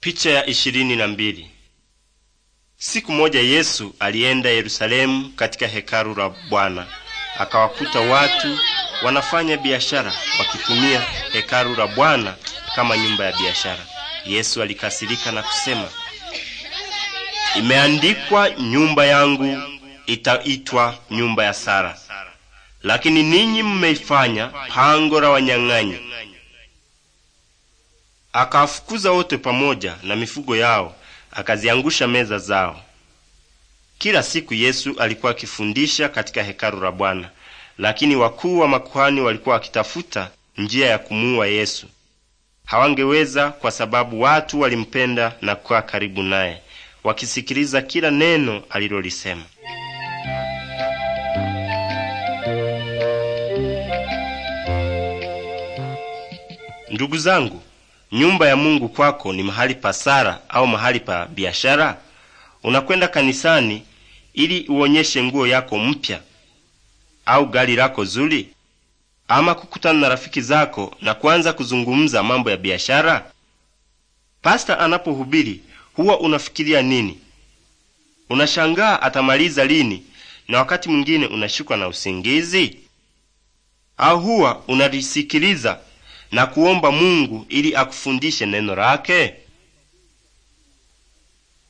Picha ya ishirini na mbili. Siku moja Yesu alienda Yerusalemu katika hekalu la Bwana, akawakuta watu wanafanya biashara wakitumia hekalu la Bwana kama nyumba ya biashara. Yesu alikasirika na kusema, imeandikwa, nyumba yangu itaitwa nyumba ya sala, lakini ninyi mmeifanya pango la wanyang'anyi. Akawafukuza wote pamoja na mifugo yao, akaziangusha meza zao. Kila siku Yesu alikuwa akifundisha katika hekalu la Bwana, lakini wakuu wa makuhani walikuwa wakitafuta njia ya kumuua Yesu. Hawangeweza kwa sababu watu walimpenda na kuwa karibu naye, wakisikiliza kila neno alilolisema. Ndugu zangu, Nyumba ya Mungu kwako ni mahali pa sala au mahali pa biashara? Unakwenda kanisani ili uonyeshe nguo yako mpya au gari lako zuri, ama kukutana na rafiki zako na kuanza kuzungumza mambo ya biashara? Pasta anapohubiri huwa unafikiria nini? Unashangaa atamaliza lini, na wakati mwingine unashukwa na usingizi, au huwa unalisikiliza na kuomba Mungu ili akufundishe neno lake?